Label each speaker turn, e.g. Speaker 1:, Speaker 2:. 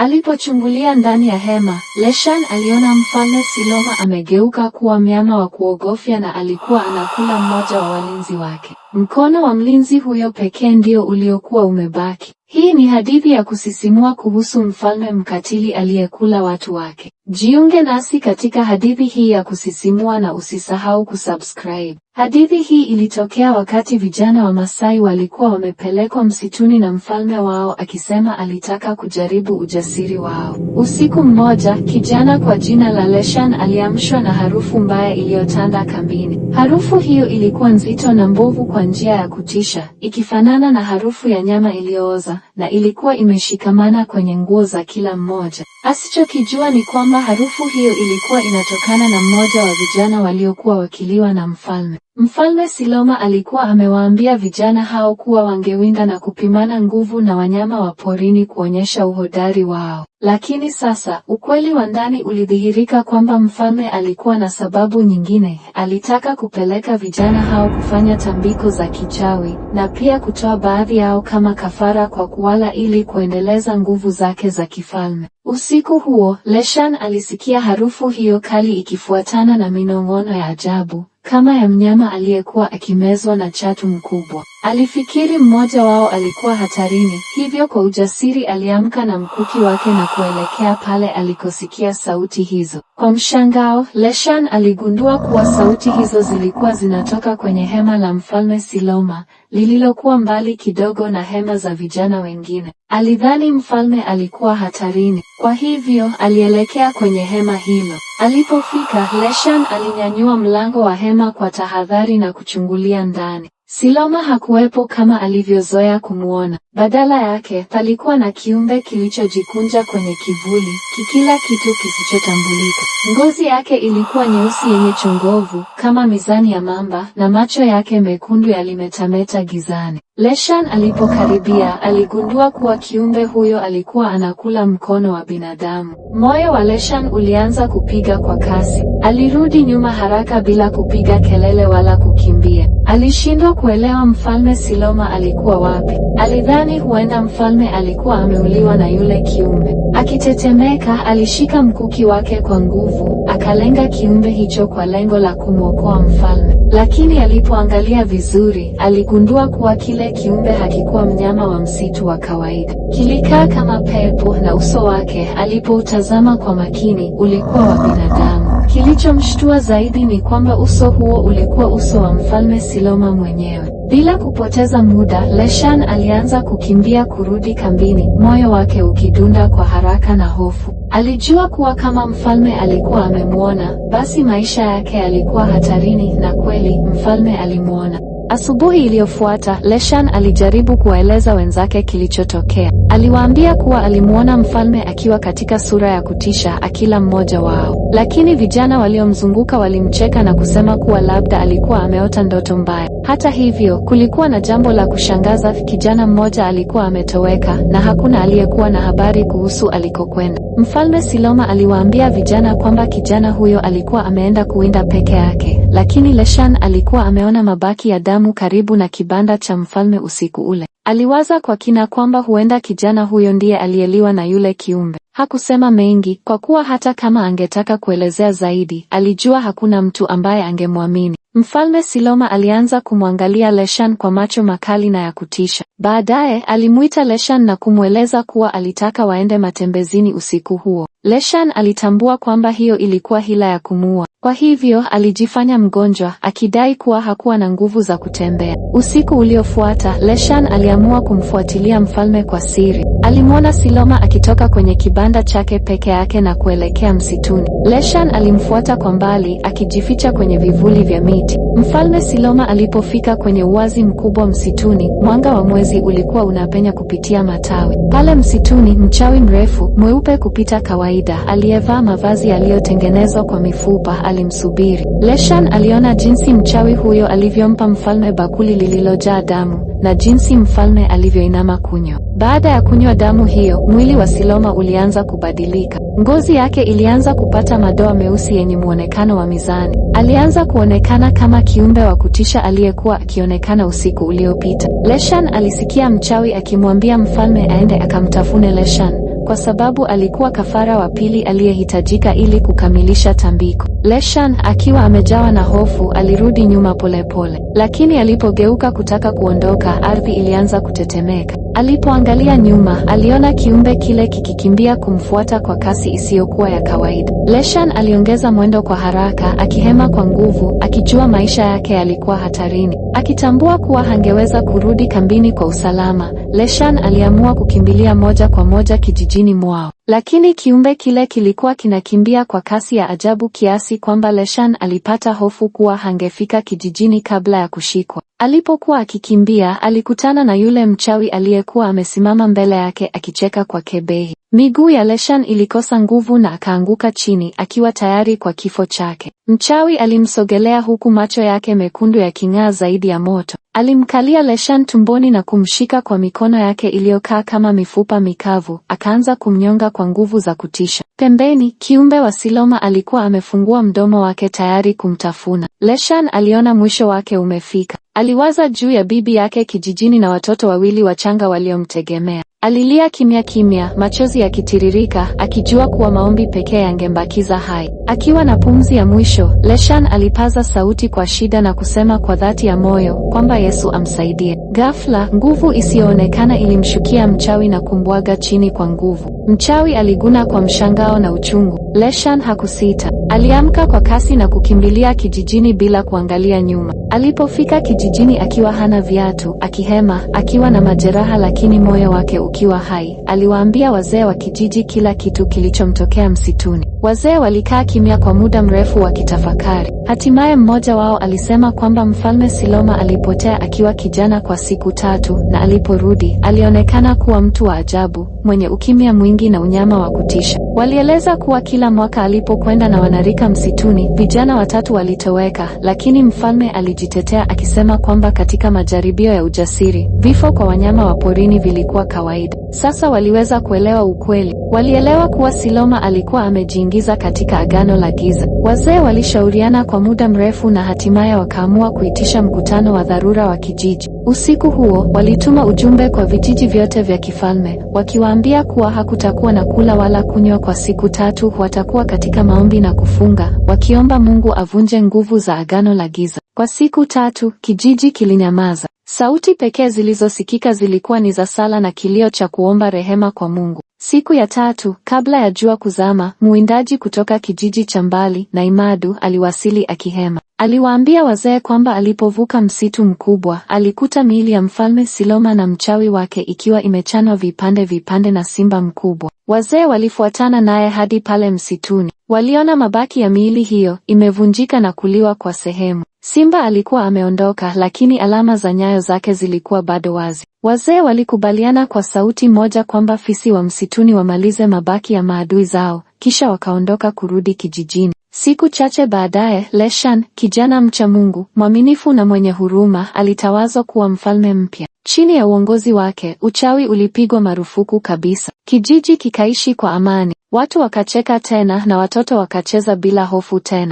Speaker 1: Alipochungulia ndani ya hema, Leshan aliona mfalme Siloma amegeuka kuwa mnyama wa kuogofya na alikuwa anakula mmoja wa walinzi wake. Mkono wa mlinzi huyo pekee ndio uliokuwa umebaki. Hii ni hadithi ya kusisimua kuhusu mfalme mkatili aliyekula watu wake. Jiunge nasi katika hadithi hii ya kusisimua na usisahau kusubscribe. Hadithi hii ilitokea wakati vijana wa Masai walikuwa wamepelekwa msituni na mfalme wao akisema alitaka kujaribu ujasiri wao. Usiku mmoja, kijana kwa jina la Leshan aliamshwa na harufu mbaya iliyotanda kambini. Harufu hiyo ilikuwa nzito na mbovu kwa njia ya kutisha, ikifanana na harufu ya nyama iliyooza na ilikuwa imeshikamana kwenye nguo za kila mmoja. Asichokijua ni kwamba harufu hiyo ilikuwa inatokana na mmoja wa vijana waliokuwa wakiliwa na mfalme. Mfalme Siloma alikuwa amewaambia vijana hao kuwa wangewinda na kupimana nguvu na wanyama wa porini kuonyesha uhodari wao. Lakini sasa, ukweli wa ndani ulidhihirika kwamba mfalme alikuwa na sababu nyingine. Alitaka kupeleka vijana hao kufanya tambiko za kichawi na pia kutoa baadhi yao kama kafara kwa kuwala ili kuendeleza nguvu zake za kifalme. Usiku huo, Leshan alisikia harufu hiyo kali ikifuatana na minong'ono ya ajabu kama ya mnyama aliyekuwa akimezwa na chatu mkubwa. Alifikiri mmoja wao alikuwa hatarini, hivyo kwa ujasiri aliamka na mkuki wake na kuelekea pale alikosikia sauti hizo. Kwa mshangao, Leshan aligundua kuwa sauti hizo zilikuwa zinatoka kwenye hema la Mfalme Siloma, lililokuwa mbali kidogo na hema za vijana wengine. Alidhani mfalme alikuwa hatarini, kwa hivyo alielekea kwenye hema hilo. Alipofika, Leshan alinyanyua mlango wa hema kwa tahadhari na kuchungulia ndani. Siloma hakuwepo kama alivyozoea kumwona. Badala yake, palikuwa na kiumbe kilichojikunja kwenye kivuli, kikila kitu kisichotambulika. Ngozi yake ilikuwa nyeusi yenye chongovu kama mizani ya mamba, na macho yake mekundu yalimetameta gizani. Leshan alipokaribia, aligundua kuwa kiumbe huyo alikuwa anakula mkono wa binadamu. Moyo wa Leshan ulianza kupiga kwa kasi. Alirudi nyuma haraka bila kupiga kelele wala kukimbia. Alishindwa kuelewa Mfalme Siloma alikuwa wapi. Alidhani huenda mfalme alikuwa ameuliwa na yule kiumbe. Akitetemeka, alishika mkuki wake kwa nguvu, akalenga kiumbe hicho kwa lengo la kumwokoa mfalme. Lakini alipoangalia vizuri, aligundua kuwa kile kiumbe hakikuwa mnyama wa msitu wa kawaida. Kilikaa kama pepo na uso wake alipoutazama kwa makini ulikuwa wa binadamu. Kilichomshtua zaidi ni kwamba uso huo ulikuwa uso wa Mfalme Siloma mwenyewe. Bila kupoteza muda, Leshan alianza kukimbia kurudi kambini, moyo wake ukidunda kwa haraka na hofu. Alijua kuwa kama mfalme alikuwa amemwona, basi maisha yake yalikuwa hatarini na kweli mfalme alimwona. Asubuhi iliyofuata, Leshan alijaribu kuwaeleza wenzake kilichotokea. Aliwaambia kuwa alimwona mfalme akiwa katika sura ya kutisha akila mmoja wao, lakini vijana waliomzunguka walimcheka na kusema kuwa labda alikuwa ameota ndoto mbaya. Hata hivyo, kulikuwa na jambo la kushangaza. Kijana mmoja alikuwa ametoweka na hakuna aliyekuwa na habari kuhusu alikokwenda. Mfalme Siloma aliwaambia vijana kwamba kijana huyo alikuwa ameenda kuwinda peke yake, lakini Leshan alikuwa ameona mabaki ya damu karibu na kibanda cha mfalme usiku ule. Aliwaza kwa kina kwamba huenda kijana huyo ndiye aliyeliwa na yule kiumbe. Hakusema mengi kwa kuwa hata kama angetaka kuelezea zaidi, alijua hakuna mtu ambaye angemwamini. Mfalme Siloma alianza kumwangalia Leshan kwa macho makali na ya kutisha. Baadaye alimwita Leshan na kumweleza kuwa alitaka waende matembezini usiku huo. Leshan alitambua kwamba hiyo ilikuwa hila ya kumuua. Kwa hivyo alijifanya mgonjwa akidai kuwa hakuwa na nguvu za kutembea. Usiku uliofuata, Leshan aliamua kumfuatilia mfalme kwa siri. Alimwona Siloma akitoka kwenye kiba kibanda chake peke yake na kuelekea msituni. Leshan alimfuata kwa mbali, akijificha kwenye vivuli vya miti. Mfalme Siloma alipofika kwenye uwazi mkubwa msituni, mwanga wa mwezi ulikuwa unapenya kupitia matawi. Pale msituni, mchawi mrefu mweupe kupita kawaida, aliyevaa mavazi yaliyotengenezwa kwa mifupa alimsubiri. Leshan aliona jinsi mchawi huyo alivyompa mfalme bakuli lililojaa damu na jinsi mfalme alivyoinama kunywa. Baada ya kunywa damu hiyo, mwili wa Siloma ulianza kubadilika. Ngozi yake ilianza kupata madoa meusi yenye muonekano wa mizani. Alianza kuonekana kama kiumbe wa kutisha aliyekuwa akionekana usiku uliopita. Leshan alisikia mchawi akimwambia mfalme aende akamtafune Leshan kwa sababu alikuwa kafara wa pili aliyehitajika ili kukamilisha tambiko. Leshan akiwa amejawa na hofu alirudi nyuma polepole pole. Lakini alipogeuka kutaka kuondoka, ardhi ilianza kutetemeka. Alipoangalia nyuma, aliona kiumbe kile kikikimbia kumfuata kwa kasi isiyokuwa ya kawaida. Leshan aliongeza mwendo kwa haraka, akihema kwa nguvu, akijua maisha yake yalikuwa hatarini. Akitambua kuwa hangeweza kurudi kambini kwa usalama, Leshan aliamua kukimbilia moja kwa moja kijijini mwao. Lakini kiumbe kile kilikuwa kinakimbia kwa kasi ya ajabu kiasi kwamba Leshan alipata hofu kuwa hangefika kijijini kabla ya kushikwa. Alipokuwa akikimbia, alikutana na yule mchawi aliyekuwa amesimama mbele yake akicheka kwa kebehi. Miguu ya Leshan ilikosa nguvu na akaanguka chini akiwa tayari kwa kifo chake. Mchawi alimsogelea huku macho yake mekundu yaking'aa zaidi ya moto. Alimkalia Leshan tumboni na kumshika kwa mikono yake iliyokaa kama mifupa mikavu, akaanza kumnyonga kwa nguvu za kutisha. Pembeni, kiumbe wa Siloma alikuwa amefungua mdomo wake tayari kumtafuna. Leshan aliona mwisho wake umefika. Aliwaza juu ya bibi yake kijijini na watoto wawili wachanga waliomtegemea. Alilia kimya kimya, machozi yakitiririka, akijua kuwa maombi pekee yangembakiza hai. Akiwa na pumzi ya mwisho, Leshan alipaza sauti kwa shida na kusema kwa dhati ya moyo kwamba Yesu amsaidie. Ghafla, nguvu isiyoonekana ilimshukia mchawi na kumbwaga chini kwa nguvu. Mchawi aliguna kwa mshangao na uchungu. Leshan hakusita. Aliamka kwa kasi na kukimbilia kijijini bila kuangalia nyuma. Alipofika kijijini akiwa hana viatu, akihema, akiwa na majeraha lakini moyo wake ukiwa hai, aliwaambia wazee wa kijiji kila kitu kilichomtokea msituni. Wazee walikaa kimya kwa muda mrefu wakitafakari. Hatimaye mmoja wao alisema kwamba Mfalme Siloma alipotea akiwa kijana kwa siku tatu na aliporudi, alionekana kuwa mtu wa ajabu, mwenye ukimya mwingi na unyama wa kutisha. Walieleza kuwa kila mwaka alipokwenda na wanarika msituni, vijana watatu walitoweka, lakini mfalme alijitetea akisema kwamba katika majaribio ya ujasiri, vifo kwa wanyama wa porini vilikuwa kawaida. Sasa waliweza kuelewa ukweli. Walielewa kuwa Siloma alikuwa amejiingiza katika agano la giza. Wazee walishauriana kwa muda mrefu na hatimaye wakaamua kuitisha mkutano wa dharura wa kijiji. Usiku huo walituma ujumbe kwa vijiji vyote vya kifalme wakiwaambia kuwa hakutakuwa na kula wala kunywa kwa siku tatu. Watakuwa katika maombi na kufunga, wakiomba Mungu avunje nguvu za agano la giza. Kwa siku tatu kijiji kilinyamaza. Sauti pekee zilizosikika zilikuwa ni za sala na kilio cha kuomba rehema kwa Mungu. Siku ya tatu kabla ya jua kuzama, mwindaji kutoka kijiji cha mbali Naimadu aliwasili akihema. Aliwaambia wazee kwamba alipovuka msitu mkubwa alikuta miili ya mfalme Siloma na mchawi wake ikiwa imechanwa vipande vipande na simba mkubwa. Wazee walifuatana naye hadi pale msituni, waliona mabaki ya miili hiyo imevunjika na kuliwa kwa sehemu. Simba alikuwa ameondoka, lakini alama za nyayo zake zilikuwa bado wazi. Wazee walikubaliana kwa sauti moja kwamba fisi wa msituni wamalize mabaki ya maadui zao, kisha wakaondoka kurudi kijijini. Siku chache baadaye, Leshan, kijana mcha Mungu, mwaminifu na mwenye huruma, alitawazwa kuwa mfalme mpya. Chini ya uongozi wake, uchawi ulipigwa marufuku kabisa. Kijiji kikaishi kwa amani. Watu wakacheka tena na watoto wakacheza bila hofu tena.